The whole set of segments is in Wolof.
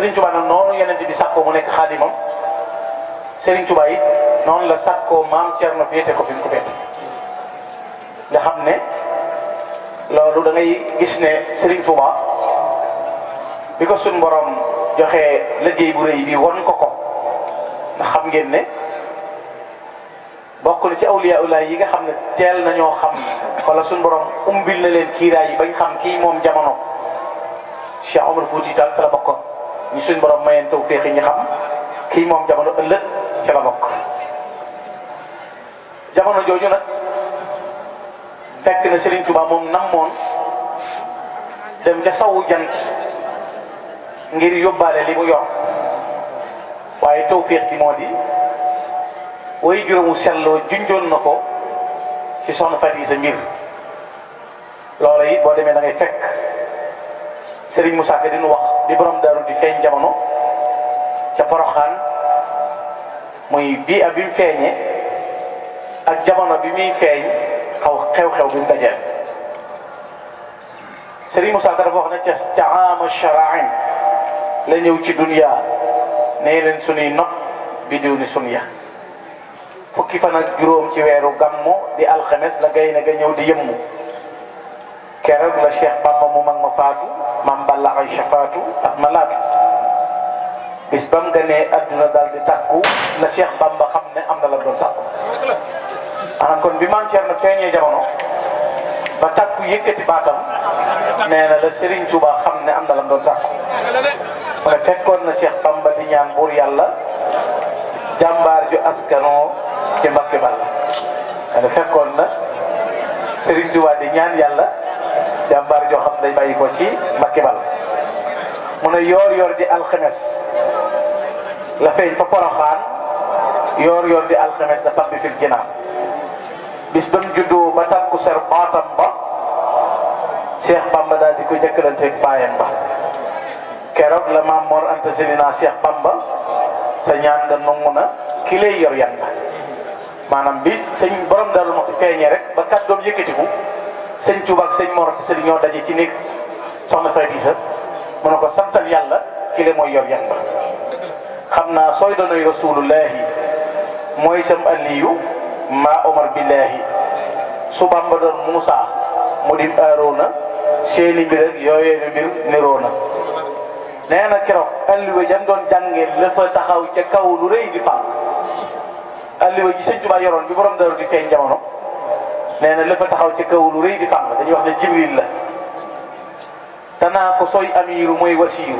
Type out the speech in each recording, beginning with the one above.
Serigne Touba nag noonu yonent bi sàkkoo bu nekk xaadimam Serigne Touba it noonu la sàkkoo maam Thierno féete ko fi mu ko féete nga xam ne loolu dangay gis ne Serigne Touba bi ko suñ borom joxe liggéey bu rëy bi won ko ko ndax xam ngeen ne bokk na ci awliya ullah yi nga xam ne teel nañoo xam wala suñ borom umbil na leen kiiraay yi bañ xam kii moom jamono Cheikh Omar Fouti Tall la bokkoon ñu suñ borom mayeen taw féexi ñu xam kii moom jamono ëllëg ci la bokk jamono jooju nag fekk na Serigne Touba moom namoon dem ca sawu jant ngir yóbbaale li mu yor waaye taw féex moo di way juróomu selloo junjoon na ko ci soxna Faty sa mbir loola it boo demee da fekk Serigne Moussa Ka dinu wax di borom daaru di feeñ jamono ca Poroxaan muy bii ak bi mu feeñee ak jamono bi muy feeñ xaw xew-xew bi mu dajeel Serigne Moussa Ka dafa wax ne ca ca ama sharain la ñëw ci dunia nee leen sunuy nopp bi diw ni sun ya fukki fan juróom ci weeru gammu di alxames la gay ñëw di yëmmu keroog la Cheikh Bamba mu mag ma faatu maam Balla ay shafaatu ak ma laatu bis ba mu adduna daal di tàkku la Cheikh Bamba xam ne am na la doon sàkku maanaam kon bi maam na feeñe jamono ba tàkku yëkkati baatam nee na la Serigne Touba xam ne am na doon sàkku mooy fekkoon na Cheikh Bamba di ñaan buur yàlla jàmbaar ju askanoo ci Mbàkke Balla fekkoon na Serigne Touba di ñaan yàlla. jambar jo xam lay bayiko ci Mbàkke Bal mune yor yor di di khamis la feeñ fa poroxaan yor yor di khamis da tabbi fil jinan bis bam juddo ba takku ser batam ba Cheikh Bamba da di ko ak baayam ba keroog la maam Mor ante selina pamba, Cheikh Bamba sa ñaan da nangu na yor yalla manam maanaam bi borom dalu mo ko feeñee rek ba sëñ Touba ak sëñ Mor Anta ñoo daje ci néeg soxna Faye Tisa mu ne ko santal yàlla ki le mooy yor yan xam naa sooy doonay rasulullahi mooy sam Aliyu maa Omar billahi su Bamba doon Moussa mu dim aaroona seeni mbir ak yooyee ni mbir niroona nee na keroog alliwa doon jàngee la fa taxaw ca kaw lu rëy di fànn alliwa ji sëñ Touba yoroon bi borom daru di feeñ jamono نانا لفتحو تكو لوري دفع مدني يعني واحد جبريل تناقصي امير موي وسيو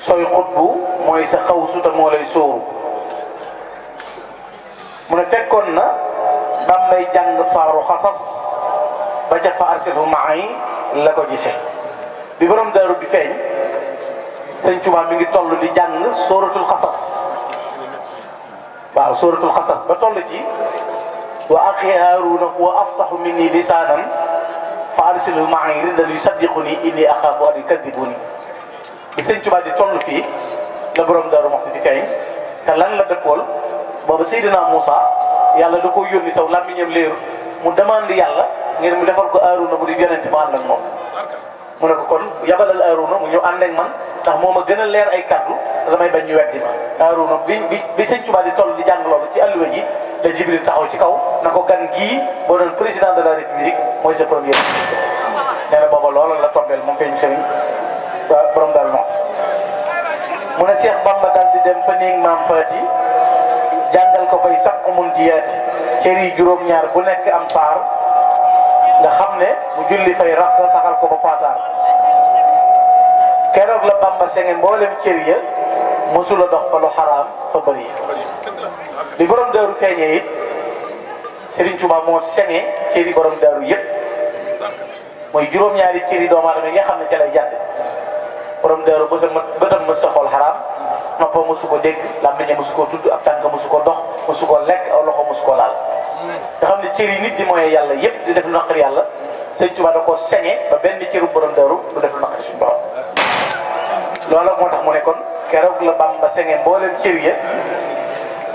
سوي قطبو موي سخو سوت مولاي سو من فكونا بامباي جانغ سارو خصص با جا فارسلو معي لاكو جيسي بي بروم دارو دي فاج سيرن توبا ميغي تولو دي جانغ سورة القصص با سورة القصص با تولو wa axi haaruuna wa afsahu minni lisaanan fa arsilhu ma'i ridan yusaddiquni inni axaafu an yukadibuni bi sëñ Tuubaa di toll fii la borom Daaru Muxti di feeñ te lan la dëppool boobu Seydina Moussa yàlla da koo yónni taw làmmiñam léeru mu demande yàlla ngeen mu defal ko Haaruuna bu di yonente ma ànd ak moom mu ne ko kon yabalal Haaruuna mu ñëw ànd ak man tax moma gëna leer ay kaddu te damay bañ ñu weddi ma Haaruna bi bi señ sëñ Tuubaa di toll di jang lolu ci alluwa ji da Jibril taxaw ci kaw nako gan gii boo doon président de la république moy ce premier ministre nee bobo lolu loolu la tombeel moom feeñ sëriñ borom dal mo mo na Cheikh Bamba dal di dem fa néeg maam Faati jàngal ko fay sax amul jiyati ceri yi ñaar bu nek am sar nga xamne mu julli fay raq saxal ko ba patar kérok la Bamba sengé mbolém cër ya musula dox fa lu haram fa bari bi ya. borom daaru fegné yi Serigne Touba moo senge cëri borom daaru yépp moy juroom ñaari cëri doomu aadama yi nga xamné ci lay jatt borom daaru bu sa bëtam ma sa haram xaraam noppam mosu ko dégg làmmiñam mosu tudd ak tànk mosu ko dox mosu ko aw loxo mosu ko laal nga xamné ne nit di moye yalla yépp di def lu yalla Serigne Touba da ko senge ba benn cëru borom daaru du def lu ci borom loola moo tax mu ne kon keroog la Bamba senge mbooleem cër ya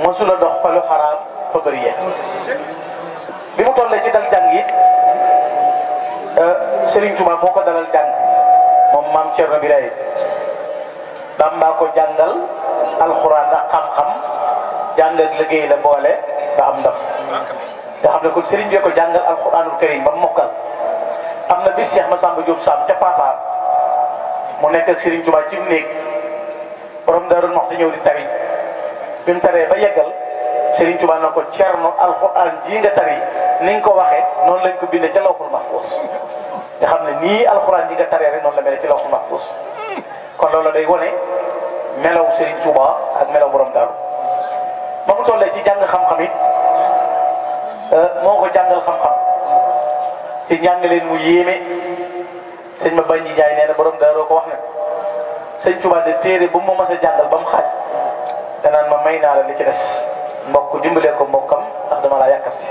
mosula dox fa lu xaraam fa bëri ya bi mu tollee ci dal jàng it euh, Serigne Touba moo ko dalal jàng moom maam Thierno Birahim Bamba ko jàngal alxuraan ak xam-xam jàng liggéey la boole ba am ndam nga xam ne kon Serigne bi ko jàngal alxuraanul karim ba mokkal am na bis Cheikh Massamba Diop Sam ca Pataar. mu nekkal Serigne Touba ci néeg borom Daaru Muxti ñëw di tari bi mu taree ba yeggal Serigne Touba na ko cerno alxuraan jii nga tari ni nga ko waxee noonu lañ ko bindee ca lawxul mahfuus nga xam ne nii alxuraan ji nga taree rek noonu la mel ci lawxul mahfuus kon loolu day wone melaw Serigne Touba ak melaw borom Daaru ba mu tollee ci jàng xam-xam it euh, moo ko jàngal xam-xam ci njàngaleen mu yéeme. sëñ ma bañ ji jaay nee na borom daaroo ko wax ne sëñ Tuubaa de téere bu mu ma sa jàngal ba mu xaaj danaan ma may naa la li ci des mbokk dimbalee ko mbokkam ndax dama laa yàkkamti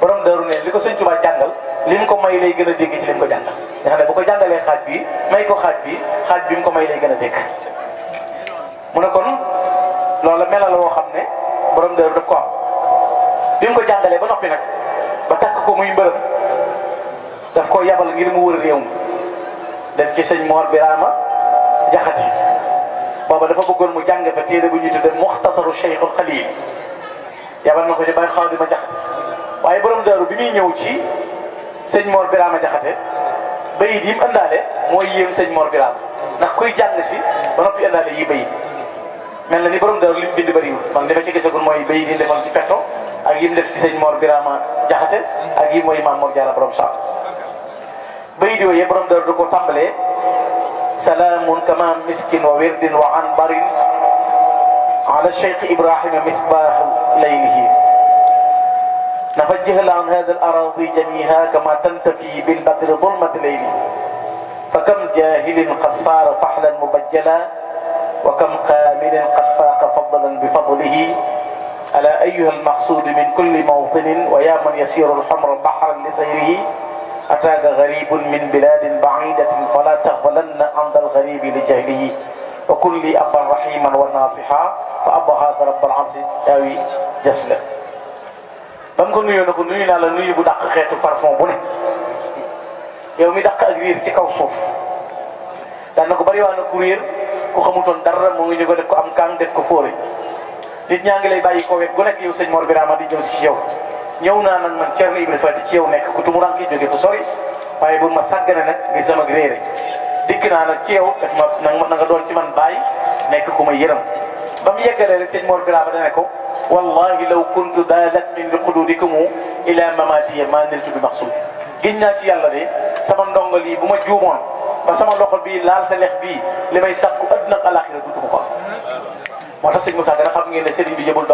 borom daaru ne li ko sëñ Tuubaa jàngal li mu ko may lay gën a dégg ci li mu ko jàngal nga ko jàngalee xaaj bi may ko xaaj bi xaaj bi mu ko may lay gën a dégg mu ne kon loola melal woo xam ne borom daaru daf ko am bi mu ko jàngalee ba noppi nag ba takk ko muy mbërëm daf koo yabal ngir mu wër réew def ci sëñ moor Birama Jaxate booba dafa bëggoon mu jàng fa téere bu ñuy tudde Muxtasaru Cheikhul Xalil yabal na ko ci bay Xaadima Jaxate waaye borom daaru bi muy ñëw ci sëñ Mor Birama Jaxate bayit yi mu ëndaale mooy yéem sëñ Mor Birama ndax kuy jàng si ba noppi ëndaale yi bayit mel na ni borom daaru li mu bind bëriwul man li ci gisagul mooy bayit yi defoon ci fetto ak yi mu def ci sëñ Mor Birama Jaxate ak yi mooy maam Mor Jaara borom sax بيديو يبرم borom dër du ko tàmbalee salaamun kama miskin wa wirdin wa anbarin نفجه لعن هذا الأراضي جميعها كما تنتفي بالبطل ظلمة ليله فكم جاهل قد صار فحلا مبجلا وكم قامل قد فاق فضلا بفضله ألا أيها المقصود من كل موطن ويا من يسير الحمر بحرا لسيره أتاك غريب من بلاد بعيدة فلا تغفلن عن الغريب لجهله وكل لي أبا رحيما وناصحا فأبا هذا رب العرش أوي جسلا بام كو نيو نكو نيو نالا نيو بو داك خيتو فارفون بو ني يومي داك اغير تي كاو سوف دا نكو بري وانا كورير كو خموتون دار مو نيو نيو ديف كو فوري نيت نياغي لاي باي كو ويت مور غراما دي جيم يو ñëw naa nag man Thierno Ibrahima Fati ci yow nekk ku tumuraanke jóge fu sori waaye bu ma sàggane nag ngi sama réere dikk naa nag ci yow daf ma nag na nga doon ci man baay nekk ku ma yërëm ba mu yeggalee rek sëñ Mor Birama dana ko wallahi law kuntu dalat min xuduudikum ila mamatiya ma niltu bi maxsuud giñ naa ci yàlla de sama ndongal yi bu ma juumoon ba sama loxo bii laal sa lex bii li may sàkku àdduna ak alaaxira ko moo tax sëñ Moussa dana xam ngeen ne sëriñ bi yëbul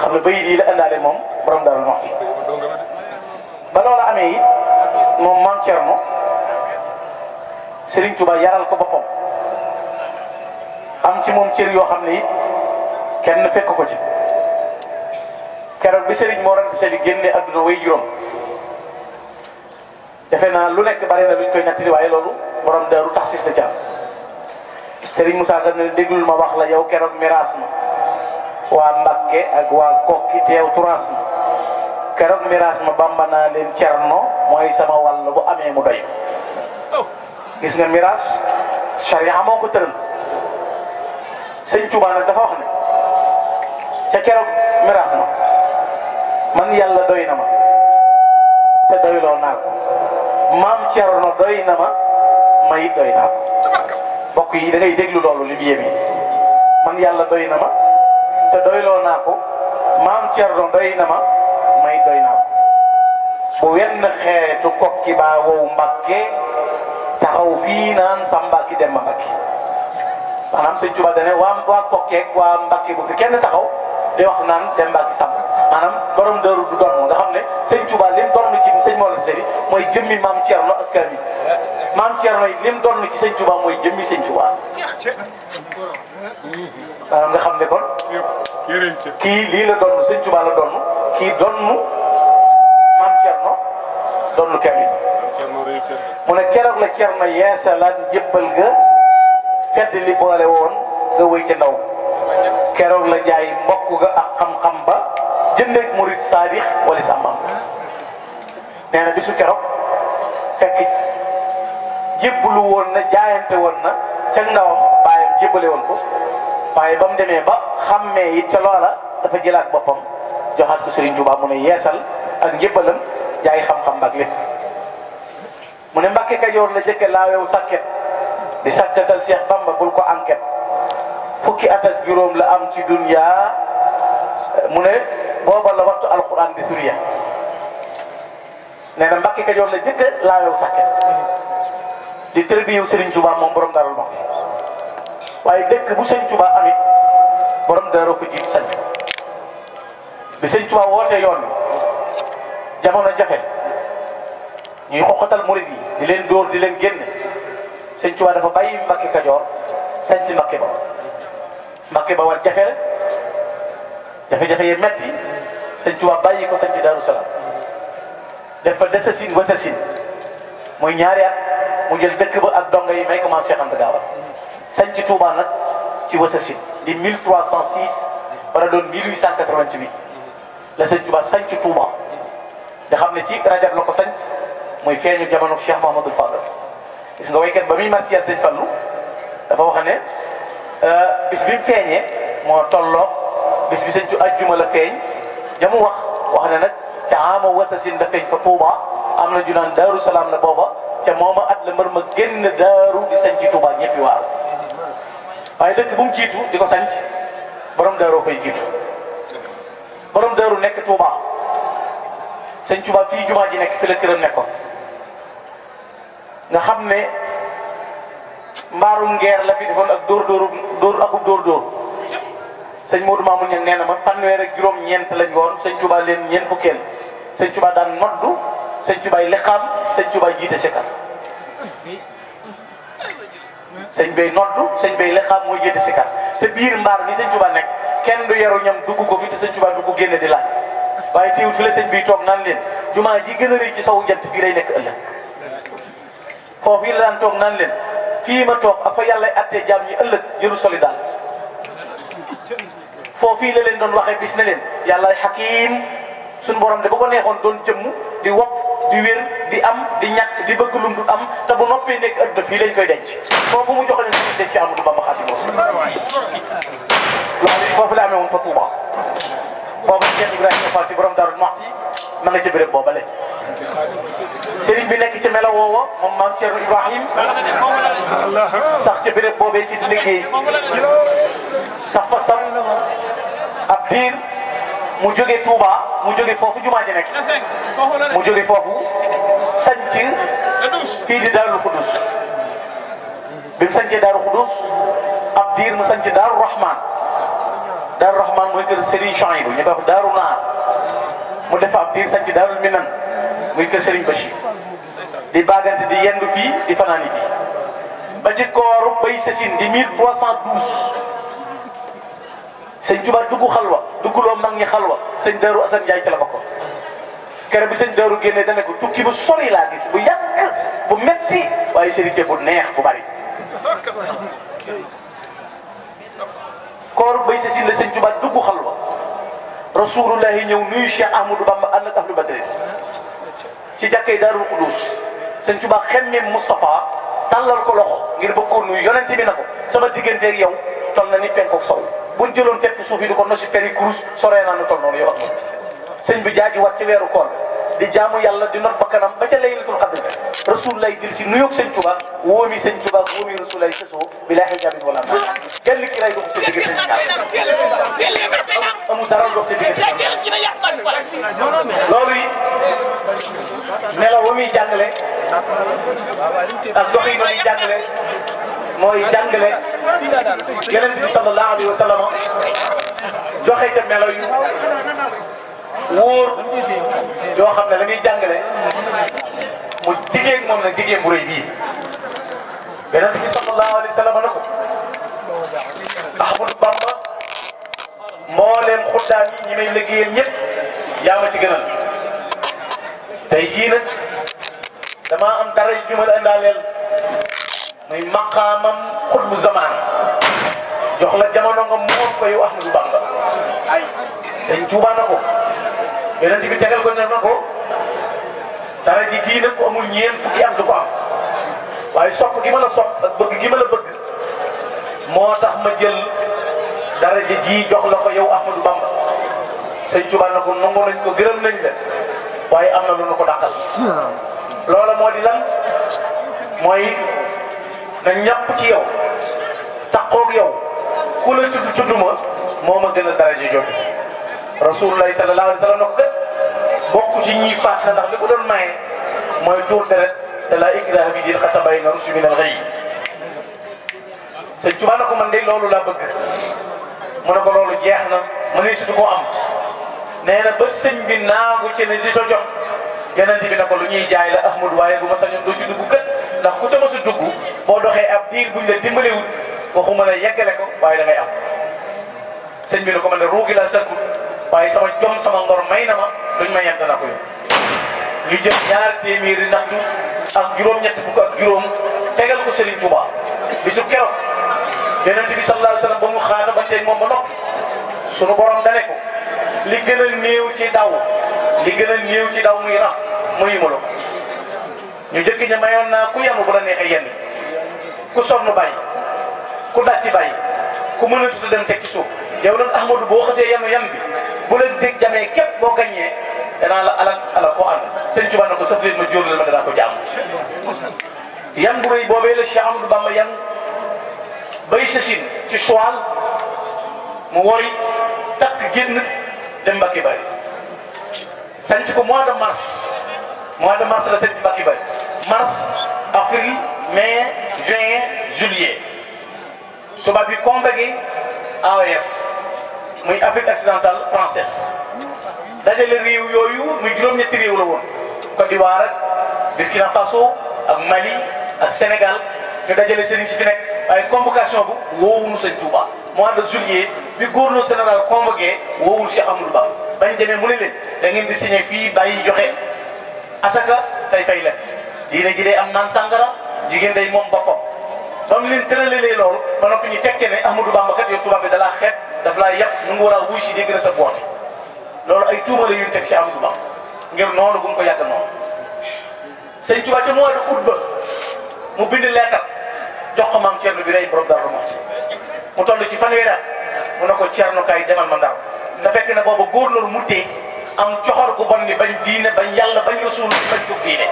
xam ne bayit yi la indaale moom borom Daaru Muxti ba loolu amee it moom maam Thierno Serigne Touba yaral ko boppam am ci moom cër yoo xam ne it kenn fekk ko ci keroog bi Serigne moo rënd Serigne génne adduna way juróom defe naa lu nekk bare na luñ koy nattali waaye loolu borom Daaru tax la ci am Serigne Moussa Ka ne déglul ma wax la yow keroog miraas ma. waa Mbakke ak waa Kokki teew turaas ma keroog miraas ma bamba naa leen cerno mooy sama wàll bu amee mu doy gis ko tëral sëñ Tuubaa nag man yàlla doy na ma te doyloo naa ko maam cerno doy na ma may doy naa ko mbokk yi dangay déglu loolu li mu yéeme man yàlla doy na ma te doyloo naa ko maam Thierno doy na ma may doy naa ko bu wenn xeetu kokki baa wow Mbàkke taxaw fii naan sa Mbàkke dem ma Mbàkke maanaam Sëñ Tuubaa dane waa waa kokkeeg waa Mbàkke bu fi kenn taxaw di wax naan dem Mbàkke sàmm maanaam borom dëru du doon nga xam ne Sëñ Tuubaa lim doon ci sëñ Mor Sëri mooy jëmmi maam Thierno ak Kaamil maam Thierno yi lim doon ci Sëñ Tuubaa mooy jëmmi Sëñ Tuubaa maanaam nga xam ne kon. kii lii la donn sëñ Tuubaa la donn kii donnu maam Cerno donnu Kamil. mu ne keroog la Cerno yeesalaat njëbbal ga fedd li boole woon nga wëy ndaw keroog la jaay mbokk ga ak xam-xam ba jëndeeg murid saadix wala sàmmam nee bisu keroog fekk jébbalu woon na jaayante woon na. ca ndawam bàyyam jébbale woon ko waaye ba demee ba xàmmee it ca loola dafa jëlaat boppam joxaat ko Serigne Touba mu ne yeesal ak njébbalam jaay xam-xam ba ak lépp mu ne Mbàkke Kajoor la jëkke laaweewu sàkket di sàkketal Cheikh Bamba bul ko enquête at juróom la am ci duniyaa mu ne booba la wattu alxuraan bi la jëkke laaweewu sàkket di tërbiyew Serigne Touba moom borom Darou waaye dëkk bu Serigne Touba amit borom Darou fa jiitu sant bi Serigne wootee yoon jamono jafe ñuy xoqatal murid yi di leen dóor di leen génn Serigne dafa bàyyi Mbacké Kajoor sant Mbacké ba Mbacké ba war jafe la jafe-jafe yi metti Serigne bàyyi ko sant Darou Salaam def fa desasine wasasine muy ñaari at mu jël dëkk ba ak donga yi may commencé Cheikh Anta Gaawaan sañ ci Touba nag ci Wasasin di 1306 wala doon 1888 la sëñ Touba sañ ci Touba nga xam ne ci rajab la ko sañ muy feeñu jamono Cheikh Mahamadou Fadal gis nga waykat ba muy marsiya sëñ Fallu dafa wax ne euh, bis bi feeñee moo tolloo bis bi sëñ ci ajjuma la feeñ jamu wax wax ne nag ca ama Wasasin da feeñ fa Touba am na ju naan Daaru Salaam la booba ca a at la mbër ma génn daaru di sañ ci Touba ñëpp waaru waaye dëkk bu mu jiitu di ko sañ borom daaroo fay jiitu borom daaru nekk Touba sañ Touba fii jumaa ji nekk fi la këram nekkoon nga xam ne mbaarum ngeer la fi defoon ak dóor dóoru dóor akub dóor dóor sëñ Modou Mamoun ña nee na ma fanweer ak juróom-ñeent lañ woon sëñ Touba leen ñeent fukkeel sëñ Touba daan noddu sëñ Tubaay leqaam sëñ Tubaay jiite sikar sëñ bay noddu sëñ bay leqaam moo jiite sikar te biir mbaar mi sëñ Tubaay nekk kenn du yaru ñam dugg ko fi te sañ Tubaay du ko génne di laal waaye teewul fi la sëñ bi toog naan leen jumaa ji gën a rëy ci sawu jant fii lay nekk ëllëg foofu yi la toog naan leen fii ma toog yàlla attee jaam ñi ëllëg soli daal foofu yi la leen doon waxee bis ne leen yàlla xakiim suñu borom de bu ko neexoon doon jën di wopp di wér di am di ñàkk di bëgg lum du am te bu noppee nekk ëpp daf yi lañ koy denc foofu mu jox leen fi denc Amadou Bamba Xaadimu loolu foofu la amee woon fa Touba booba Cheikh Ibrahima Fall ci borom Darou Mouhty ma nga ca béréb boobale sëriñ bi nekk ci melo woowa moom maam Cheikh Ibrahim sax ca béréb boobee ci liggéey sax fa sax ab diir mu joge Touba mu joge foofu jumaa ji nekk mu jóge foofu sanc fii di Daaru Xudus bi mu sancee Daaru Xudus ab diir mu sanc Daaru Rahman Daaru Rahman mooy u Serigne Chouaïbou ñu koy wax Daaru Naar mu def ab diir sanc Daaru Minan muy kër Serigne Bachir di baagante di yendu fii di fanaani fii ba ci kooru bay sasin di 1312 sëñ Tuubaa dugg xalwa duggloo mag ñi xalwa sëñ Daaru Asan Njaay ci la bokkoon keroog bi sëñ Daaru génnee dana ko tukki bu yi laa gis bu yàgg bu metti waaye sëriñ bu neex bu bari koor bay sëñ Tuubaa dugg xalwa rasulullahi ñëw nuyu Cheikh Ahmadou Bamba ànd ak ahlu badri ci jàkkay Daarul Xuduus sëñ Tuubaa xemmeem Moustapha tàllal ko loxo ngir bëgg ko nuyu yonente bi na ko sama digganteeg yow toll na ni penkook sow buñ jëloon fekk suuf yi di ko nosi peri kurus soree naa nu toll noonu yow ak moom sëñ jaaji wat ci weeru koor di jaamu yàlla di not kanam ba ca laylatul xadr rasul lay dil nu nuyoog sëñ Tuubaa wóomi sëñ Tuubaa wóomi rasul lay sësoo bi laa xijaabin wala ma genn ki lay dox sa digg sëñ amul dara dox sa digg loolu yi ne la wa muy jàngale ak dox yi ma muy jàngale mooy jàngale yonent bi sallallahu alayhi wa sallam joxe ca melo yu wóor yoo xam ne la muy jàngale mu diggéeg moom nag diggéeg bu rëy bii yonent bi sallallahu alayhi wa sallam na ko Ahmadou Bamba mbooleem xuddaam yi ñi may liggéeyal ñëpp yaa ma ci gënal tey jii nag damaa am dara yu ma la indaaleel muy maqaamam xutbu zamaan jox la jamono nga moom ko yow Ahmadou Bamba ay sëñ Tuubaa na ko yonent bi tegal ko ne na ko dara ji gii nag ko amul ñeent fukki am du ko am waaye sopp gi ma la sopp ak bëgg gi ma a bëgg moo tax ma jël dara ji ji jox la ko yow Ahmadou Bamba sëñ Tuubaa na ko nangu nañ ko gërëm nañ la waaye am na lu ko dàqal loola moo di lan mooy na ñàpp ci yow taqoog yow ku la tudd tudd ma moo a gën a daraja jotu rasulullahi sallallahu sa wa sallam na ko gën bokk ci ñi faat na ndax li ko doon maye mooy tuur deret te laa ikraha fi diin xat tabayyana rushdu minal ghayy sëñ Tuubaa na ko man de loolu laa bëgg mu ne ko loolu jeex na ma ne sutu koo am nee na ba sëñ bi naagu ci ne di to jot yeneen bi na ko lu ñuy jaay la Ahmad waaye bu ma sañoon doo ci dugg gën ndax ku ca mos a dugg boo doxee ab diir buñ la dimbalewul waxuma la yeggale ko waaye damay am sëñ bi ne ko man de ruugi la sëkkul waaye sama jom sama ngor may na ma duñ ma yem dana ko yow ñu jël ñaar téeméeri nattu ak juróom-ñett fukk ak juróom tegal ko Serigne Touba bisu keroog yonent bi sallallahu alayhi wa sallam ba mu xaata ba tey moom ba su sunu borom dale ko li gën a néew ci daw li gën néew ci daw muy raf mu yimalo ñu jëkk ña mayoon naa ku yem bu la neexee yenn ku sonn bàyyi ku dàcc bàyyi ku mënatut a dem teg ci suuf yow nag Ahmadou boo xasee yenn yan bi bu leen dégg jamee képp boo gañee danaa la ala alal foo ànd sëñ Tuubaa ne ko saf leen ma jóor ma danaa ko jàmm yan bu rëy boobee la Cheikh Amadou Bamba yan bay sësin ci Suwaal mu wori takk génn dem Mbàkke bari sanc ko mois de mars mois de mars la le mars avril mai juin juillet suba convaincu convoqué AOF Mais Afrique occidentale française dajale des yooyu muy juróom-ñetti des la Côte d'Ivoire Burkina Faso Mali Sénégal Je dajale sëriñ des fi nekk convocation bu woowuñu sëñ Touba mois de juillet bi gouverneur général convoqué woowul Cheikh Amadou Ba da di signé asaka tay fay leen lii ji day am naan sàngara jigéen day moom boppam ba mu leen tëralee loolu ba noppi ñu tekkee ne Amadou Bamba kat yow tubaab bi dalaa laa xeeb daf laa yàq nu nga war a wuy si dégg na sa boote loolu ay tuuma la yu ñu teg si Amadou Bamba ngir noonu bu ko yàgg noonu. sëñ Tuba ca mois de août ba mu bind leetar jox ko maam Thierno bi rey borom Darou Mouhty mu toll ci fanweeri at mu ne ko Thierno kaay demal ma Ndar te fekk na boobu góor loolu mu dee am coxor gu bon ni bañ diine bañ yàlla bañ rasul bañ ko diine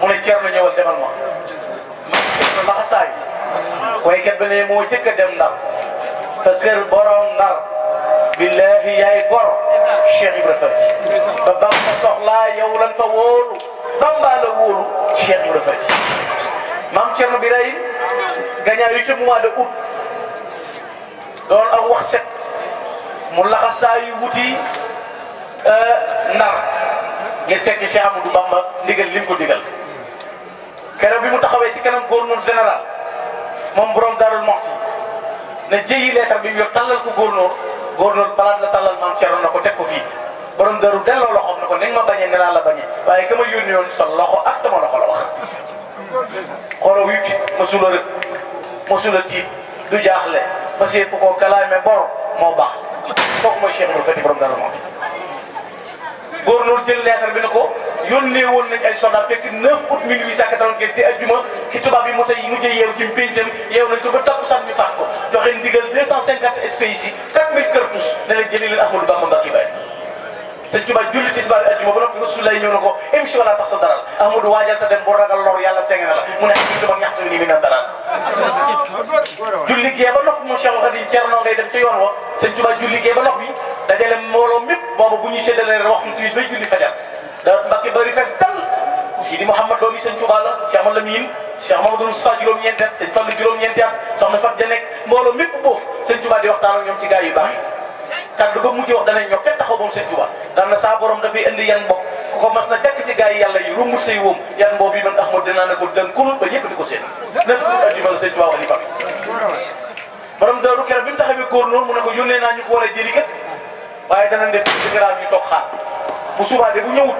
mu ne Thierno ñëwal demal ma man Thierno laxasaayu waykat bi ne moo jëkk a dem ndar te kër borom ndar billahi yaay gor Cheikh Ibra Fati ba Bamba soxlaa yow lan fa wóolu Bamba la wóolu Cheikh Ibra Fati maam Thierno Birahim gañaa yu ci mois de août doon ak wax mu laxasaayu wuti nar ngeen fekk Cheikh Amadou Bamba ndigal li mu ko digal keroog bi mu taxawee ci kanam gouverneur général moom borom Darou Mouhty na jëyi leetar bi mu yor tallal ko góor gouverneur palaat la tallal maam Thierno na ko teg ko fii borom Darou delloo loxoom na ko ni nga ma bañee ne laa la bañee waaye ka ma yónni woon sa loxo ak sama loxo la wax xooloo wii fi mosula rëkk mosula tiit du jaaxle ma see fu ko kalaame boro moo baax kooku mooy Cheikh Mouhamadou Fati borom Darou Mouhty góornóor jël leetar bi ne ko yónnee woon nañ ay soldat fekk 9 août 1895 di ajjuma ki tubaab yi mos a mujjee yeew ci péncam yeew nañ ko yi 4000 cartouches ne ba noppi Rasulullah ñëw na ko imsi wala tax sa daral Ahmadou waajal dem boo ragal lor yàlla seng na mu ne ñu dama ñax suñu ni mi na daral julli gee ba noppi moom Cheikh Khadim Thierno ngay dem ca yoon wa sëñ Tuba julli gee ba noppi dajale mbooloo mépp boobu bu ñuy séddalee waxtu timis ba julli fajar da Mbàkke bari fees dal Sidi Mouhamad doomi sëñ Tuubaa la Cheikh Amadou Lamine Cheikh Mamadou Moustapha juróom-ñeenti at sëñ Fallu boof sëñ Tuubaa di waxtaan ak ñoom ci gaa yu baax kaddu ga mujj ñoo kenn taxaw moom sëñ Tuubaa saa borom dafay indi yan bopp ko mas na jàkk ci gaa yi yi rumbul say wóom yan bopp yi man Ahmad dinaa ne ko dën kunul ba ñëpp di ko seen nef addimal fa borom daaru keroog bi waaye danañ def ci garaam ñu toog xaar bu subaa de bu ñëwut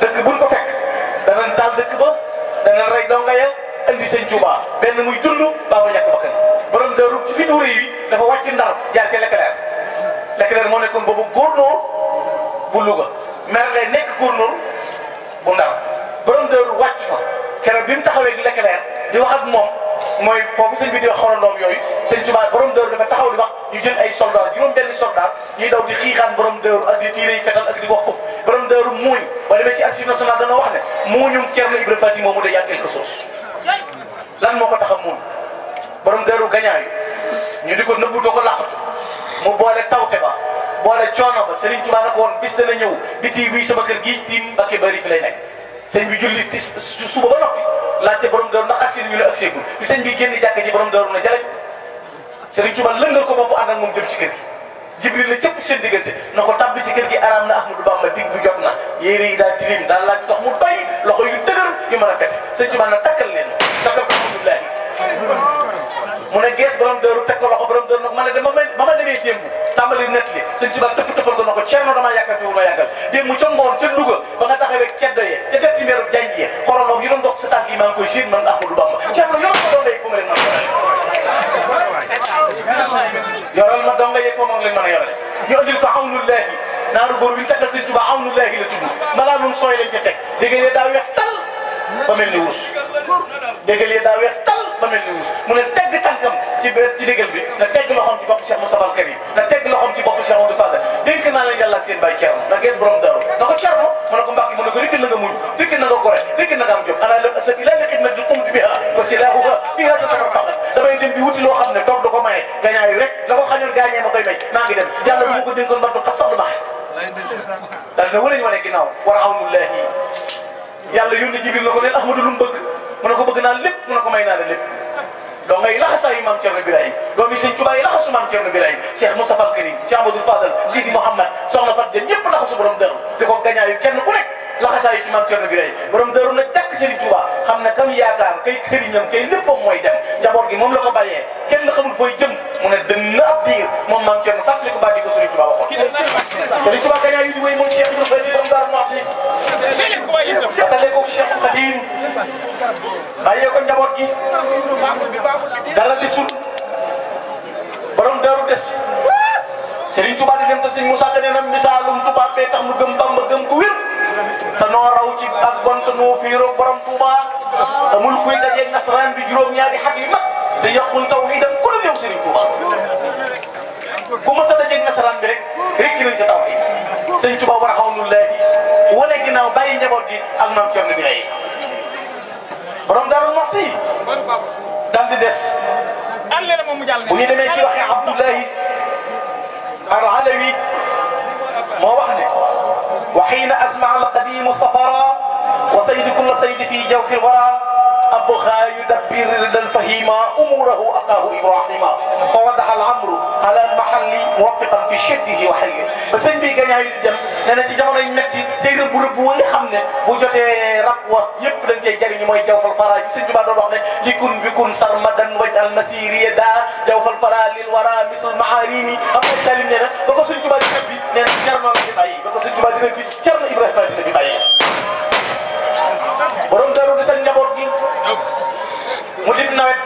dëkk buñ ko fekk danañ taal dëkk ba danañ rey donga ya andi sëñ Tuuba benn muy dund baa ma ñàkk bakkan borom daaru ci fi tuure yi dafa wàcc ndar jaar ca Leclerc Leclerc moo nekkoon boobu góornóor bu Louga mer lay nekk góornóor bu ndar borom daaru wàcc fa keroog bi mu taxawee Leclerc di wax ak moom. mooy foofu sëñ bi di wax xorandoom yooyu sëñ Tuubaa borom dëru dafa taxaw di wax ñu jël ay soldat juróom benn soldat ñuy daw di xiixaan borom dëru ak di tiirey fetal ak di wax ko borom dëru muuñ ba demee ci archive nationale dana wax ne muuñum Cerno Ibra Fati moomu day yàgg quelque chose lan moo ko taxa a muuñ borom dëru gañaayu ñu di ko nëbbu doo ko làqatu mu boole tawte ba boole coono ba Sëriñ Tuubaa na ko woon bis dana ñëw biti bii sama kër gii di Mbàkke bari fi lay nekk sëñ bi julli tis suba ba noppi laajte borom dër ndax agsi ñu ne agsiwul bi sëñ bi génn jàkk ji borom dër na jaleñ Sëriñ Tuuba lëngal ko bopp ànd ak moom jëm ci kër gi jibril la cëpp seen diggante na ko tàbbi ci kër gi araam na Ahmadou Bamba dig bu jot na yére yi daa tilim daal laaj ndox mu doy loxo yu dëgër yu mën a fete Sëriñ Tuuba na takkal leen takkal ko alhamdulilah mu ne gees borom dëru teg ko loxo borom dëru nag ma ne de ma ma ma demee démb tàmbali net li sëñ Tuba tëpp tëppal ko na ko Cerno damaa yàkkante wu ma yàggal démb ca ngoon ca Louga ba nga taxawee ceddo ye ca detti mbeeru janj ye xoroloom yi doon dox sa tànk yi maa ngi koy siin man Ahmadou Bamba Cerno yoral ma donga yi foo ma leen mën a yoral ma donga yi foo ma leen mën a yorale ñu andil ko awnullahi naaru góor bi ñu taggal sëñ Tuba awnullahi la tudd malaa lun sooy lañ ca teg dégg nga daa weex tal ba mel ni wus déggal yi daa weex tal ba mel ni wus mu ne tegg tànkam ci biir ci déggal bi na tegg loxoom ci bopp Cheikh Moustapha Al Karim na tegg loxoom ci bopp Cheikh Modou Fadal dénk naa leen yàlla seen bàyyi Thierno na gees borom daaru na ko Thierno mu ne ko Mbacke mu ne ko rikki na nga muñ rikki na nga gore rikki na nga am jom ana lam asab ila li xidmati umti biha wa silaahuha fii hada safar faqat damay dem bi wuti loo xam ne toog da ko maye gañaayu rek la ko xañoon gaañee ma koy may maa ngi dem yàlla bu ma ko dénkoon mbattu xam sax du ma xel daal ne walañ wane ginnaaw war a awnul laahi yàlla yónni Jibril la ko ne Ahmadu lu mu bëgg mu ne ko bëgg naa lépp mu ne ko may naa la lépp donc ngay laxasaayu maam Thierno Birahim doomi Sëñ Tuubaa yi laxasu maam Thierno Birahim Cheikh Moustapha Karim Cheikh Amadou Fadal Sidi Mouhamad soxna Fatou Dieng ñëpp laxasu borom dër di ko gañaayu kenn ku laxasaayu ci maam bi ray borom dëru na càkk Serigne Touba xamna ne kam yaakar kay sëriñam kay leppam moy dem jabor gi mom la ko baye kenn xamul foy jëm mu ne de na abdir mom mam Cerno fatali ko baat ko Serigne Touba waxo Serigne Touba gañaa yu di wéy moom Cheikh Ibra Khadim borom dar Muxti fàttali ko Cheikh Khadim baye ko jabor gi dara sul borom dëru des Serigne Touba di dem ta Serigne Moussa Ka ne na misaalum tubaab bee tax nu gem Bamba gem ko wir te noo raw ci ak gont noo fiiroog borom Touba amul kuy dajeeg nasaraan bi juróom-ñaari xat yu mag te yàqul tawxiidam ku la ñëw Serigne Touba bu ma sa dajeeg nasaraan bi rek rek nañ sa tawxiid Serigne a xaw nu laa ji wane ginnaaw bàyyi njaboot gi ak na Thierno bi ay borom Daaru Muxti daal di des bu ñu demee ci waxee Abdoulahi ne. وحين أسمع القديم الصفرا وسيد كل سيد في جوف الورى أبوها يدبر الفهيمة أموره أقاه إبراهيم فوضح الأمر على محل موفقا في شده وحيه بس إن بيجاني هاي الجم لأن تجمع لنا إنك تير بربو اللي خمنة بوجت ربو يبرن تجاري نمو يجاو فالفرا سن جبادة الله يكون بيكون سرمدا وجه المسير يدا جاو فالفرا للورا مثل المعاريمي أبو التالي من هنا بقو سن جبادة ربي لأن جرم ربي بقو سن جبادة ربي جرم إبراهيم ربي بأيه njaboot gi mu dib nawet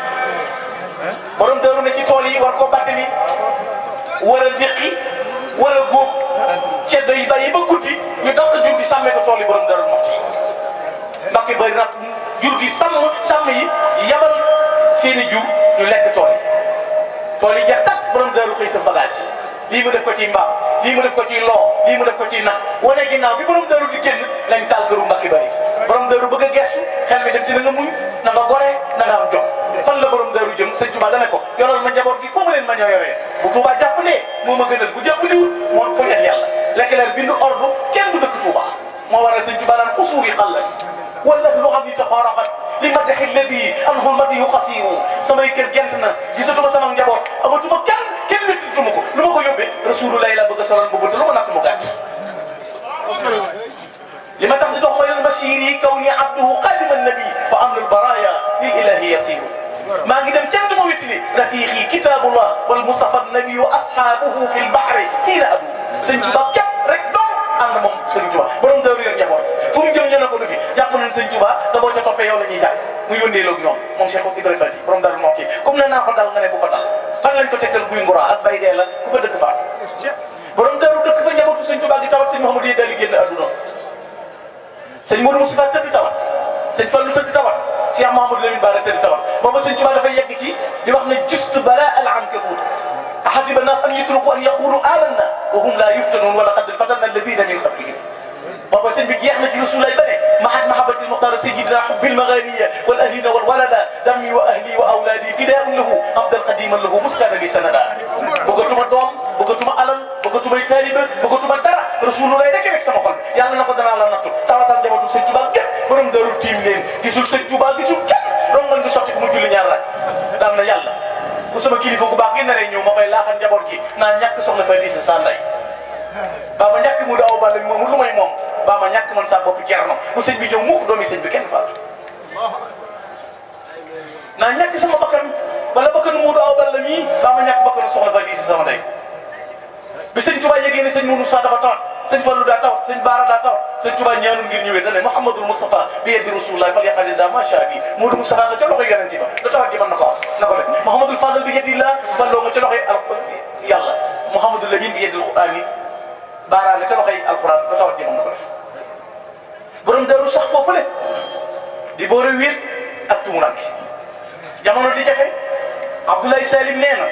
borom dëru ne ci tool yi war ko battali war a déqi war a góob ceddo yi bari ba guddi ñu doq jur gi sàmmee ko tool yi borom dëru moxti mbakki bari nag jur gi sàmm sàmm yi yabal seeni jur ñu lekk tool yi tool yi jeex tat borom dëru xëy sa bagage lii mu def ko ci mbaam lii mu def ko ci loo lii mu def ko ci nag wane ginnaaw bi borom dëru di génn lañ taal këru mbakki bari borom dëru bëgg a gestu xel mi dem ci na nga muñ na nga goree na nga am jom fan la borom dëru jëm sëñ Tuubaa dana ko yoral ma njaboot gi foo ma leen ma ñëwee bu Tuubaa jàppalee moo ma gënal bu jàppaliwul moo ko neex yàlla lekk leen bindu ordre kenn du dëkk Tuubaa moo waral sëñ Tuubaa daan xusuur yi xal la wala lu am ni tafaaraxat li ma dexi léegi am xul ma di yu xas yi samay kër gent na gisatuma sama njaboot amatuma kenn lu ma ko yóbbee rasulullah la bëgg a solal mbubb te lu ma natt mu gàtt li ma tax di dox mooy lan basiir yi kaw ni abduhu xaatima nabi wa amnul baraya lil ilahi yasiru maa ngi dem kenn du ma wittili rafiqi kitabullah wal mustafa nabi wa ashabuhu fi lbahri xiina abu sëñ Tuba képp rek doom ànd moom sëñ Tuba borom daru yor njaboot jëm ñu ne ko du fi jàpp nañ sëñ Tuubaa te boo ca toppee yow la ñuy jàpp mu yónnee loog ñoom moom Cheikh Ibrahima Fati borom Darou Mouhty comme ne naa fa dal nga ne bu fa dal fan lañ ko tegtal guy ngura ak bay dee la ku fa dëkk faat borom daru dëkk fa njabootu sëñ Tuubaa di tawat sëñ Mahamadou yi dali génn àdduna sëñ Modou Moussa tëdd tawat sëñ Fallou tëdd tawat Cheikh Mahamadou Lamine Bara tëdd tawat booba sëñ Tuubaa dafay yegg ci di wax ne just bara al ankabut ahasiba an-nas an yutruku an yaqulu amanna wa hum la yuftanun wa laqad fatanna alladina min qablihim بابا سين بك يحنا في رسول الله بني ما حد محبة المختار سيدنا حب المغانية والأهلين والولدة دمي وأهلي وأولادي في دائم له عبد القديم له مسكنا لي سندا بقول ما دوم بقول توما ألم بقول توما إتالي بقول توما ترى رسول الله يدك يكسر مقال يا الله نقدنا على نتو ترى تام جمعتو سنتي بعك برم دارو تيم لين كيسو سنتي بعك كيسو كم رونغان جو سنتي كمجول نيارا دامنا يا الله وسما كيلي فوق باقي نرينيو ما في الله خن جبركي نانيك سونغ فريسة سانداي بابا نيك مودا أوبالي مودا مودا baa ma ñàkk man sa bopp jarno bu sëñ bi ñëw mukk doomi sëñ bi kenn faatu naa ñàkk sama bakkan wala bakkanu Moodu aw balla mii baa ma ñàkk bakkanu soxna Fatou si sama ndey bi sëñ Tuubaa yëgee ne sëñ Moodu Mustafaa dafa tawat sëñ Fallu daa tawat sëñ Baara daa tawat sëñ Tuubaa ñaanul ngir ñëwee da ne Mouhamadul Moustapha bi yeddi Rasulullah fal yaqadil daa macha bi Moodu Moustapha nga ca loxo yonent ba da tawat ji mën na ko am na ko def Mouhamadul Fadal bi yeddi laa falloo nga ca loxo yàlla Mouhamadul Lamine bi yeddil Quraan yi Baara nga ca loxo alquran da tawat ji mën na ko def borom daru sax foofu le di boori wiir ak tumuranke jamono di jafe Abdoulaye Salim nee na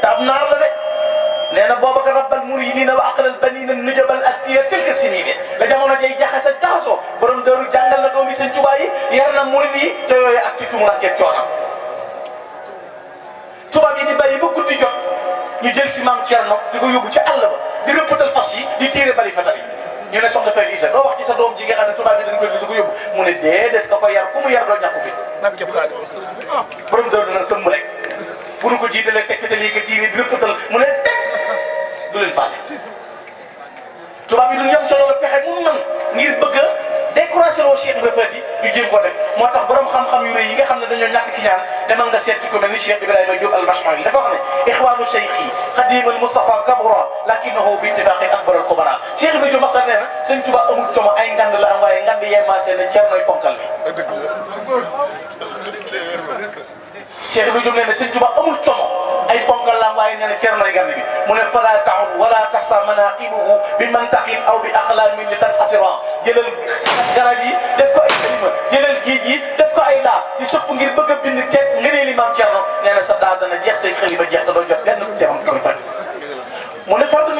te ab naar la de nee na booba ka rabbal muridina wa aqlal banina nujabal athiya tilka sinine la jamono jay jaxase jaxasoo borom daru jàngal na doomi seen Tuubaa yi yar na murid yi te yooyu ak ci tumuranke coonam yi di bàyyi ba guddi jot ñu jël si maam Thierno di ko yóbbu ci àll ba di rëppatal fas yi di tiire bari fasal yi ñu ne soxna Faye Issa doo wax ci sa doom ji nga xam ne tubaab bi dañ koy dugg yóbbu mu ne déedéet ka ko yar ku mu yar doo ñàkk fi. naam jëm xaalis ah, borom dër dina sëmm rek bu ñu ko jiitalee teg fi te lii ko diine di mu ne teg du leen faale. tubaab yi duñ yem sa loolu pexe mu man ngir bëgg découragé loo Cheikh Ibra Fati ñu ko def motax borom xam-xam yu reuy yi nga xam ne dañoo ñàkk ki ñaan demal nga sétti ko melni Cheikh ibrahim Diop al-Mashari dafa wax ikhwanu shaykhi qadim al Mustafa kabra lakinahu bi ittifaqi akbar al kubara Cheikh Ibrahima Diop Masar nee na sëñ Tuba amul como ay ngand la am waaye ngand yemmaasee sen ci nooy ponkal bi Cheikh Ibrahima Diop nee na sëñ Tuba amul como ponkal la waaye nee na ceer ma ne gànn bi mu ne fala taxul wala taxsa manaqibuhu bi mantaqin aw bi aqlamin li tan xasiran jëlal garab yi def ko ay kalima jëlal géej yi def ko ay daa di sëpp ngir bëgg a bind ceeb ngëneel li maam Ceerno nee na sa daa dana jeex say xëy ba jeex te doo jot benn ceebam koy fàtte mu ne fardum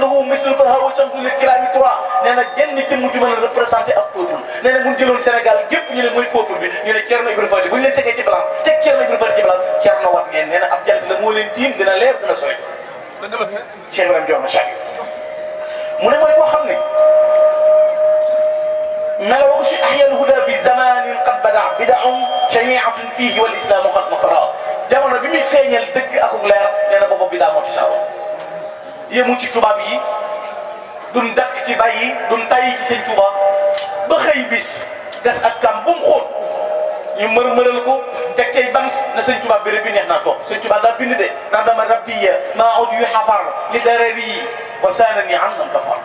lahu mislu fal hawsan lil kilami trois nee na genn ki mu ci mën a représenté ak peuple nee na mun jëloon Sénégal gépp ñu ne mooy peuple bi ñu ne Thierno Ibrahima Fati bu ñu leen tegee ci balance teg Thierno Ibrahima Fati ci balance Thierno wat ngeen nee na ab jant la moo leen tiim dina leer dina sori Cheikh Ibrahima Dior Machak mu ne mooy koo xam ne ملوك أحيا الهدى في زمان قد بدع بدع شنيعة فيه والإسلام قد نصرها جامعنا بمي فين يلدك أخو غلير لأن بابا بلا موت شاور yemu ci tubaab yi duñ ci bay yi duñ tayyi ci seen tubaab ba xëy bis gas ak kam bu mu xóot ñu mërmëral ko teg cay bant na sëñ tubaab bi rek bi neex naa toog sëñ tubaab daa bind de a dama rabbiya maa od yu xafar li darari yi wa ni am nan kafar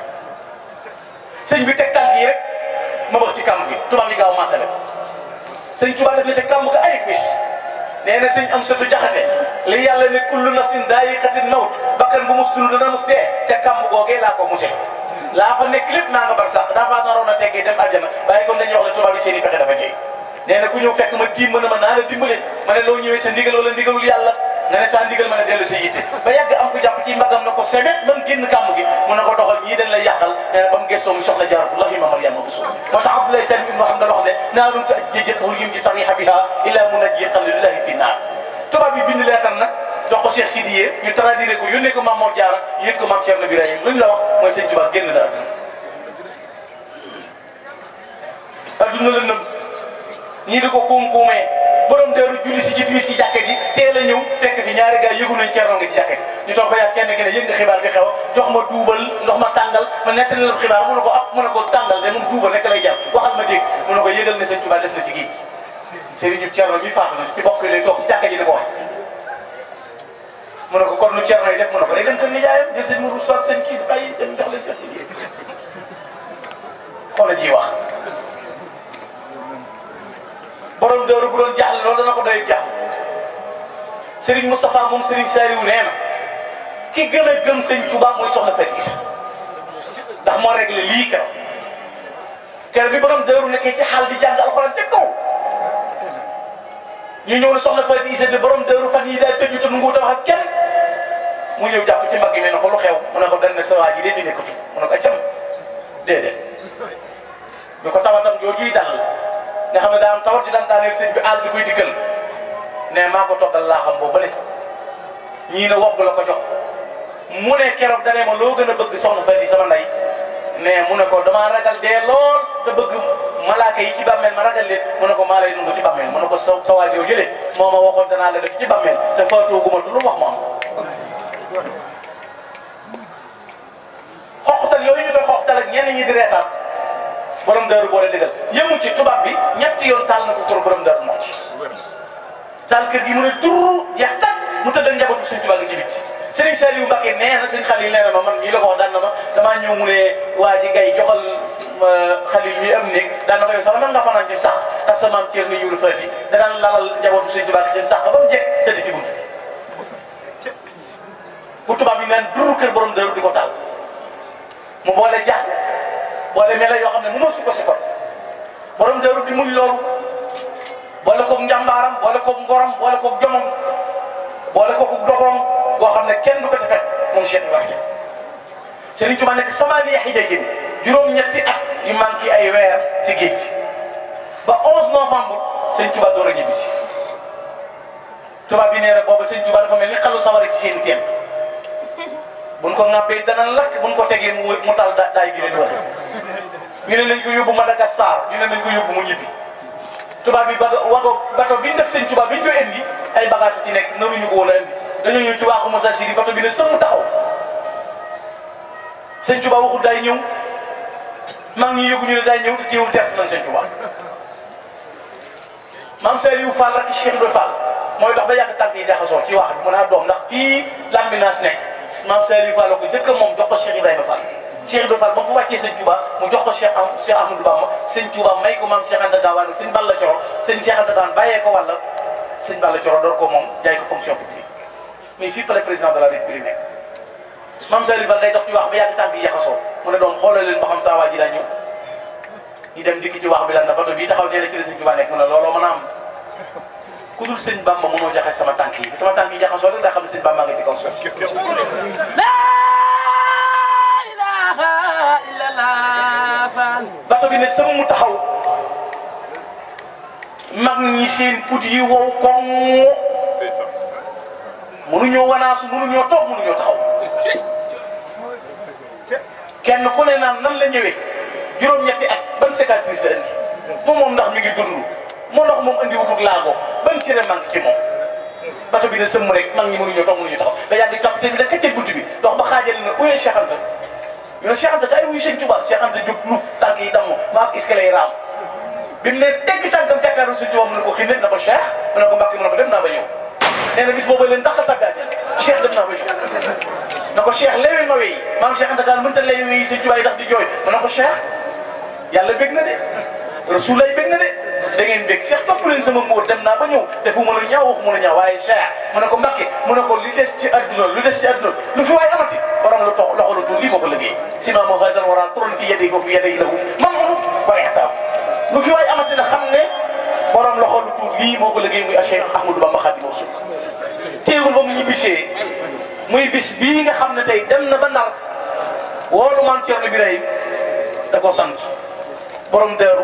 sëñ bi ma wax ci kàmb bi tubaab yi gaaw maasale sëñ tubaab def na ca ay bis nee na am sëtu jaxate li yàlla ne kullu nafsin daayiqatil mawt bakkan bu mus dund dana mus dee ca kàmb googee laa ko muse laa fa nekk lépp maa nga bar sax daa faa naroon a teggee dem aljana waaye comme dañuy ne tubaab yi seen i pexe dafa jëy nee ku ñëw fekk ma tiim ma naa la dimbale ma ne loo ñëwee sa ndigal wala ndigalul yàlla nga ne saa ndigal mën a dellu sa yitte ba yàgg am ko jàpp ci mbagam na ko sebet ba mu génn gàmm gi mun na ko doxal ñii dañ lay yàqal nee na ba mu gëstoo mu soxla ma Maryama Buso moo tax Abdoulaye Sène ibnu xam da wax ne naarun tajjatahu tariha biha ila munajjatan lillahi fi naar tubaab yi bind leetar nag jox ko Cheikh Sidiye ñu traduire ko yónnee ko Maam Mor Jaara yéen ko Maam Cerno Birahim lu ñu la wax mooy sëñ Tuubaa génn na adduna adduna la borom daaru julli si ci timis ci jàkka ji teel a ñëw fekk fi ñaari gars yëgu nañ ceerno nga ci jàkka ji ñu toog ba yàgg kenn ki ne yëg nga xibaar bi xew jox ma duubal ndox ma tàngal ma nettali la xibaar mu ne ko ab mu ne ko tàngal de moom duubal nekk lay jar waxal ma dégg mu ne ko yëgal ne sëñ Tuubaa des na ci géej sëriñu ceerno bi faatu na ci bokk lay toog ci jàkka ji di ko wax mu ne ko kon nu ceerno yi def mu ne ko day dem kër nijaayam jël sëñ Mourou Sow seen kii bàyyi dem jox leen seen xoolal ji wax borom dëru bu doon jaaxle loolu dana ko doy jaaxle Serigne Moustapha moom Serigne Saliou nee na ki gën a gëm sëñ Touba mooy soxna Fatou Issa ndax moo réglé lii keroog keroog bi borom dëru nekkee ci xaal di jàng alxuraan ca kaw ñu ñëw ne soxna Fatou Issa de borom dëru fan yii daal tëju te nu nguut a ak kenn mu ñëw jàpp ci mbagg mi ne ko lu xew mu ne ko dañ ne sa waa ji dee fi nekkatu mu ne ko acam déedéet ñu ko tawatam jooju dal nga xam ne daa am tawat ju daan daaneel sëñ bi aal koy dikkal ne maa ko toggal laa xam boobu ñii ne wopp la ko jox mu ne keroog da ma loo gën a bëgg soxna Fati sama nday ne mu ne ko damaa ragal dee lool te bëgg malaaka yi ci bàmmeel ma ragal leen mu ne ko maa lay nungu ci bàmmeel mu ne ko sa sa waa joo jëlee moo ma waxoon danaa la def ci bàmmeel te faatoo gu ma lu wax ma am. xoqtal yooyu ñu koy xoqtal ak ñenn ñi di reetaan borom daaru boole dëggal yëmu ci tubaab bi ñetti yoon taal na ko kër borom daaru moo ci taal kër gi mu ne tur jeex tàkk mu tëdd ak njabootu suñ tubaab gi ci bitti Serigne Saliou Mbacké nee na sëñ Xalil nee na ma man mii la ko wax daan na ma damaa ñëw mu ne waa ji gay joxal Xalil mi am néeg daan na ko yow sax man nga fanaan ci sax ak sa maam Thierno Youlou Fati da daan lalal njabootu suñ tubaab gi ci sax ba mu jekk tëdd ci bunt bi bu tubaab bi naan di ko taal mu boole jaaxle. boole melo yoo xam ne mënoo su ko si ko borom jaru di muñ loolu boole koog njàmbaaram boole koog ngoram boole koog jomam boole koog dogoom boo xam ne kenn du ko ci fekk moom Cheikh Ibrahim Serigne Touba nekk samaani yaxi jagin juróom-ñetti at yu manqué ay weer ci géej ba 11 novembre Serigne Touba door a ñibbisi tubaab bi nee na booba Serigne Touba dafa mel ni xalu sawar ci seen i buñ ko ŋàppee dana lakk buñ ko tegee mu mu tal daay gi leen wane ñu ne nañ ko yóbbu Madagascar ñu ne nañ ko yóbbu mu ñibbi tubaab bi ba wago bato bi def seen tubaab bi ñu ko indi ay bagage ci nekk naruñu ko wala dañoo ñëw ci waaxu Moussa Chiri bato bi ne sëmm taxaw seen tubaab waxut daay ñëw maa ngi yëgu ñu ne daay ñëw te teewul teef nañ seen tubaab maam Saliou Fall ak Cheikh Ibra Fall mooy dox ba yàgg tànk yi dexasoo ci wax bi mu ne ah doom ndax fii làmbinaas nekk maam Saliou Fall la ko jëkk moom jox ko Cheikh Ibrahima Fall Cheikh Ibrahima Fall ba mu fa wàccee sëñ Touba mu jox ko Cheikh am Cheikh Amadou Bamba sëñ Touba may ko maam Cheikh Anta Gaawaan sëñ Balla Coro sëñ Cheikh Anta Gaawaan bàyyee ko wàlla sëñ Balla Coro door ko moom jaay ko fonction publique mais fii pare président de la République nekk maam Saliou Fall day dox ci wax ba yàgg tànk yi yaxasoo mu ne doom xoolal leen ba xam saa waa ji daa ñëw ñu dem dikki ci wax bi lan na bato bii taxaw nee na ci la sëñ Touba am ku dul sëñ Bamba mënoo jaxase sama tànk yi sama tànk yi jaxasoo rek daa xam ne sëñ Bamba nga ci kaw suuf. bato bi ne sama mu taxaw mag ñi seen put yi wow koŋ mënuñoo wanaasu mënuñoo toog mënuñoo taxaw kenn ku ne naan nan la ñëwee juróom-ñetti at ba cicatrice la indi moom moom ndax mi ngi dund. moo tax moom andi wutul laago ban cëre manqué ci moom bato bi ne sëmm rek mag ñi mënuñu toog mënuñu taxaw da yàgg capitaine bi da këccee bunt bi dox ba xaajal na oye Cheikh Anta ñu ne Cheikh Anta kaay wuyu sëñ Tuubaa Cheikh Anta jóg luuf tànk yi damm ba ak escalier raam bi mu ne tegg tànkam jàkkaaru sëñ Tuubaa mu ne ko xinnet na ko Cheikh mu ne ko Mbàkke mu ne ko dem naa ba ñëw nee na bis boobu leen tax a ba di mu ne ko Cheikh yàlla bég na de rasulay da ngeen bég Cheikh ah topp leen sama muur dem naa ba ñëw defuma lu ñaaw waxuma lu ñaaw waaye Cheikh mu ne ko Mbacke mu ne ko li des ci adduna lu des ci adduna lu fi waay amati borom lu tox loxo lu tuur lii moo ko liggéey siman mo hasal wara turon fi yedey ko fi yedey lahu mam mamu waaye xataam lu fi waay amati na xam ne borom loxo lu tuur lii moo ko liggéey muy Cheikh Ahmadou Bamba Khadimu Rasul teewul ba mu ñibbisee muy bis bii nga xam ne tey dem na ba nar woolu maam Thierno Birahim da ko sant borom deru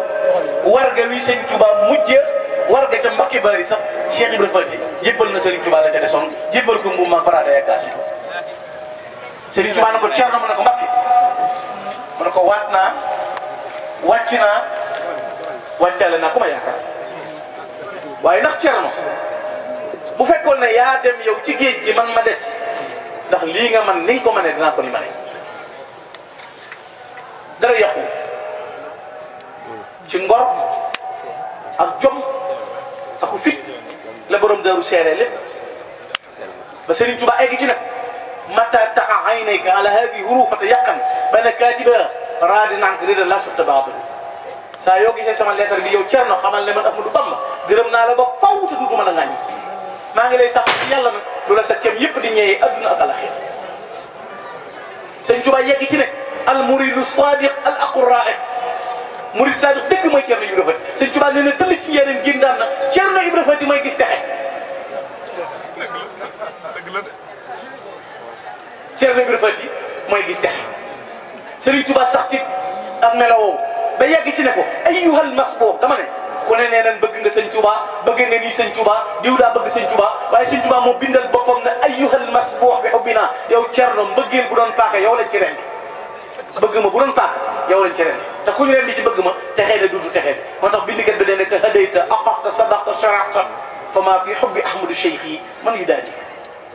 warga wi sëñ Touba mujjé warga ca Mbacke bari sax Cheikh Ibrahima Fall yebbal na Serigne Touba la ca desoon yebbal ko mbuum ak baraada ya kaas Serigne Touba nako ko Thierno nako ne ko Mbacke mu ne ko waat naa wàcc naa wàccaale naa ku ma yaakaar waaye bu fekkoon ne yaa dem yow ci geej gi man ma dess ndax li nga man ni ko mané dina ko ni mané dara yakku ci ngor ak jom ak fit la borom daaru seeree lépp ba Serigne Touba egg ci mata taqa aynayka ala hadi hurufata yaqan bana katiba raadi nank rida la sotta baadu saa yoo gisee sama lettre bi yow Thierno xamal ne man Ahmadou Bamba gërëm naa la ba faw te dutuma la ngàññi maa ngi lay sax ci yàlla lu la sa kem yëpp di ñëwee adduna ak alaxir Serigne Touba yegg ci nag al muridu al aqur ra'iq murid sadiq dëkk mooy Cerno Ibra Fati sëñ Tuubaa nee na tëll ci njëriñ gim daan na Cerno Ibra Fati mooy gis texe Cerno Ibra Fati mooy gis texe Sëriñ Tuubaa sax ci am melawoo ba ci ne ko ayyuhal masboo dama ne ku ne nee nañ bëgg nga sëñ Tuubaa bëgg nga nii sëñ Tuubaa diw daa bëgg sëñ Tuubaa waaye sëñ Tuubaa moo bindal boppam ne ayyuhal masboo bi xubbinaa yow Cerno mbëggeel bu doon paaka yow lañ ci rendi bëgg ma bu doon paaka yow lañ ci rendi te ku ñu rendi ci bëgg ma texee de duutu texee de moo tax bindkat bi dana ko hadayta aqafta sadaqta sharaqta fa maa fi xubbi ahmadu cheikh yi man yu daal di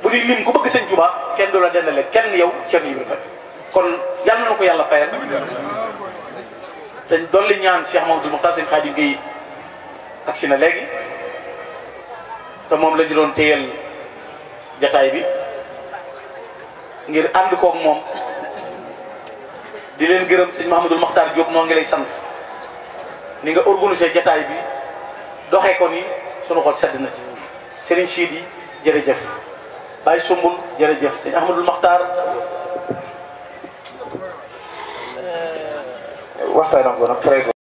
bu di lim ku bëgg sëñ Tuubaa kenn du la dendale kenn yow Cerno Ibra Faty kon yal na ko yàlla fayal te dolli ñaan Cheikh Maodo Mokhtar sëñ Xaadim Gueye agsi na léegi te moom la ñu doon téyel jataay bi ngir ànd koog moom di leen gërëm sëñ Mahamadul Maxtaar Diop noo ngi lay sant ni nga organisé jataay bi doxee ko ni sunu xol sedd na ci sëriñ siid yi jërëjëf Baye Sumbul jërëjëf sëñ Ahmadul Maxtaar waxtaan ak